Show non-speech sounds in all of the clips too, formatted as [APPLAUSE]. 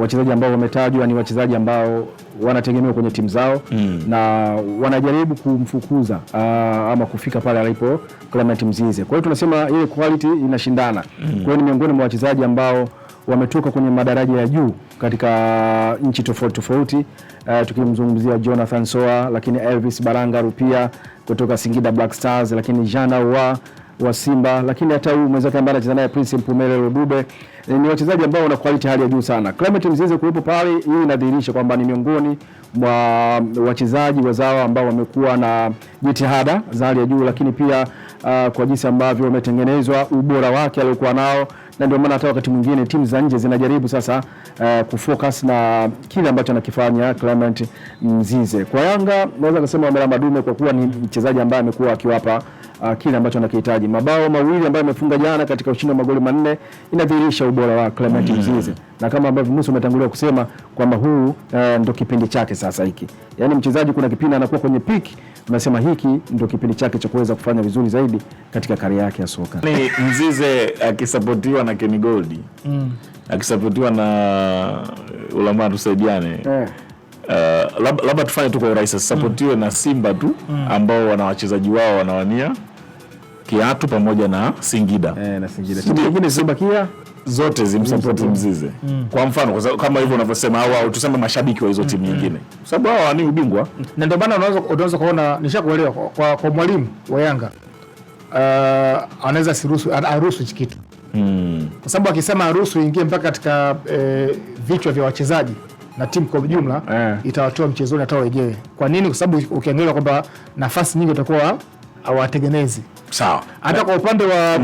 Wachezaji ambao wametajwa ni wachezaji ambao wanategemewa kwenye timu zao mm. na wanajaribu kumfukuza uh, ama kufika pale alipo Clement Mzize. Kwa hiyo tunasema ile quality inashindana mm. kwa hiyo ni miongoni mwa wachezaji ambao wametoka kwenye madaraja ya juu katika ah, nchi tofauti tofauti. Uh, tukimzungumzia Jonathan Soa, lakini Elvis Baranga Rupia kutoka Singida Black Stars, lakini Jana wa wa Simba, lakini hata huyu mwenzake ambaye anacheza naye Prince Mpumelelo Dube eh, ni wachezaji ambao wana quality hali ya juu sana. Clement Mzize kuwepo pale, hii inadhihirisha kwamba ni miongoni mwa wachezaji wazawa ambao wamekuwa na jitihada za hali ya juu, lakini pia uh, kwa jinsi ambavyo wametengenezwa, ubora wake aliokuwa nao na ndio maana hata wakati mwingine timu za nje zinajaribu sasa uh, kufocus na kile ambacho anakifanya Clement Mzize. Kwa Yanga naweza kusema Amela Madume kwa kuwa ni mchezaji ambaye amekuwa akiwapa uh, kile ambacho anakihitaji. Mabao mawili ambayo amefunga jana katika ushindi wa magoli manne inadhihirisha ubora wa Clement mm -hmm. Mzize, na kama ambavyo Musa umetangulia kusema kwamba huu uh, eh, ndo kipindi chake sasa hiki, yaani mchezaji kuna kipindi anakuwa kwenye peak unasema hiki ndo kipindi chake cha kuweza kufanya vizuri zaidi katika kari yake ya soka. Ni Mzize akisapotiwa na Kenny Gold mm. akisapotiwa na ulamaa tusaidiane eh. Uh, labda lab tufanye tu kwa urahisi asisapotiwe mm. na Simba tu mm. ambao wana wachezaji wao wanawania kiatu pamoja na Singida eh, na Singida nyingine zote zimsapoti mm. Mzize mm. kwa mfano kama hivyo unavyosema, au au tuseme mashabiki wa hizo mm, timu mm. nyingine mm. kwa sababu hao ni ubingwa, na ndio maana unaweza unaweza kuona nishakuelewa kwa, kwa, mwalimu wa Yanga uh, anaweza siruhusu aruhusu kitu mm. kwa sababu akisema ruhusu ingie mpaka katika e, vichwa vya wachezaji na timu kwa ujumla yeah. itawatoa mchezoni hata wenyewe. Kwa nini? Kwa sababu ukiangalia kwamba nafasi nyingi utakuwa hawategemezi sawa, hata kwa upande wa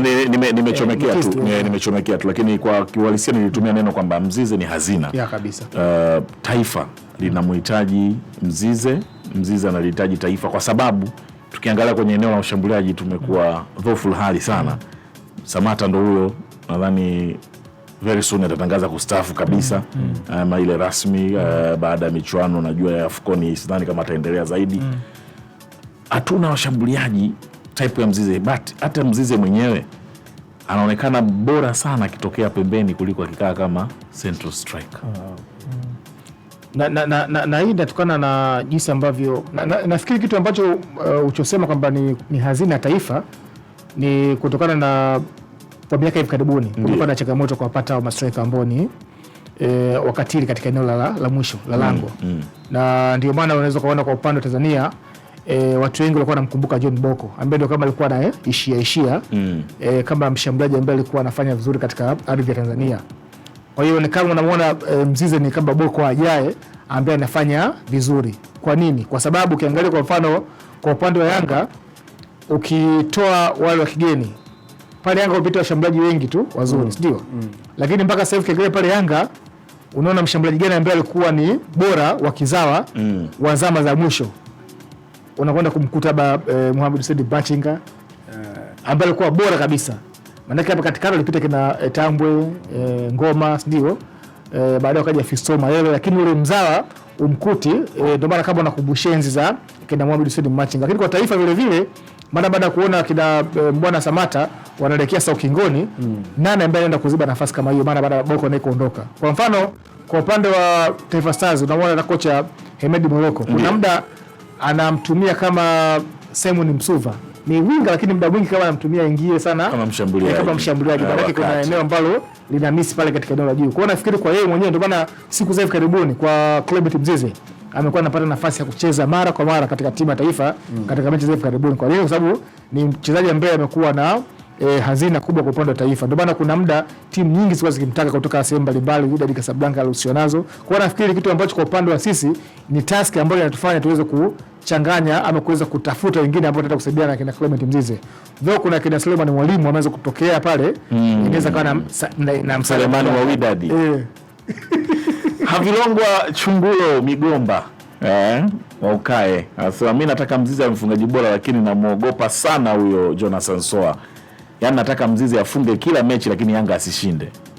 nimechomekea eh, tu eh, nimechomekea tu, lakini kwa kiuhalisia nilitumia neno kwamba Mzize ni hazina ya kabisa. Uh, taifa linamhitaji Mzize, Mzize analihitaji taifa, kwa sababu tukiangalia kwenye eneo la ushambuliaji tumekuwa dhoful hali sana. Hmm. Samata ndo huyo nadhani very soon atatangaza kustafu kabisa mm. ama ile rasmi uh, baada ya michuano najua ya Afcon sidhani kama ataendelea zaidi. Mm. Hatuna washambuliaji type ya Mzize, but hata Mzize mwenyewe anaonekana bora sana akitokea pembeni kuliko akikaa kama central striker. Ah, mm. Na, na, na, na, na hii inatokana na jinsi ambavyo na, na, nafikiri kitu ambacho uh, uchosema kwamba ni, ni hazina ya taifa ni kutokana na kwa miaka hivi karibuni kulikuwa na changamoto kuwapata mastrika ambao ni e, wakatili katika eneo la, la, la mwisho la mm, lango mm, mm. na ndio maana unaweza ukaona kwa upande wa Tanzania e, watu wengi walikuwa wanamkumbuka John Boko ambaye ndio kama alikuwa na eh, ishia ishia mm. e, kama mshambuliaji ambaye alikuwa anafanya vizuri katika ardhi ya Tanzania. Kwa hiyo ni kama unamwona e, Mzize ni kama Boko ajaye ambaye anafanya vizuri. Kwa nini? Kwa sababu ukiangalia kwa mfano kwa upande wa Yanga ukitoa wale wa kigeni pale Yanga upita washambuliaji wengi tu wazuri mm. sindio? mm. Lakini mpaka sasa hivi kegele pale Yanga unaona mshambuliaji gani ambaye alikuwa ni bora wa kizawa mm. wa zama za mwisho unakwenda kumkuta ba, eh, Muhammad Said Bachinga eh. ambaye alikuwa bora kabisa, maanake hapa katikati alipita kina eh, Tambwe eh, Ngoma sindio? eh, baadaye wakaja Fiston Mayele, lakini ule mzawa umkuti eh, ndio maana kama nakumbushia enzi za kina Muhammad Said Bachinga. Lakini kwa taifa vile vile mara baada ya kuona kina eh, Mbwana Samata wanaelekea sasa ukingoni mm. Nani ambaye anaenda kuziba nafasi kama hiyo mara baada ya Boko naye kuondoka? Kwa mfano kwa upande wa Taifa Stars unamwona na kocha Hemedi Moroko kuna yeah. muda anamtumia kama Simon Msuva ni winga lakini muda mwingi kama anamtumia ingie sana kama eh, mshambuliaji, kama mshambuliaji yake ah, kuna eneo ambalo lina miss pale katika eneo la juu. Kwa hiyo nafikiri kwa yeye mwenyewe ndio maana siku za hivi karibuni kwa Clement Mzize amekuwa anapata nafasi ya kucheza mara kwa mara katika timu ya taifa mm. katika mechi za hivi karibuni, kwa hiyo kwa sababu ni mchezaji ambaye amekuwa na e, hazina kubwa kwa upande wa taifa. Ndio maana kuna muda timu nyingi zilikuwa zikimtaka kutoka sehemu mbalimbali, Wydad Casablanca alihusishwa nazo. Kwa nafikiri kitu ambacho kwa upande wa sisi ni task ambayo inatufanya tuweze kuchanganya ama kuweza kutafuta wengine ambao tunataka kusaidia na kina Clement Mzize. Though kuna kina Suleiman Mwalimu ameweza kutokea pale, mm. inaweza kuwa na, na, na, Suleiman wa Wydad. Eh. [LAUGHS] Havilongwa Chungulo Migomba eh, waukae anasema mi nataka Mzize mfungaji bora, lakini namwogopa sana huyo Jonathan Soa yani nataka Mzizi afunge kila mechi, lakini Yanga asishinde.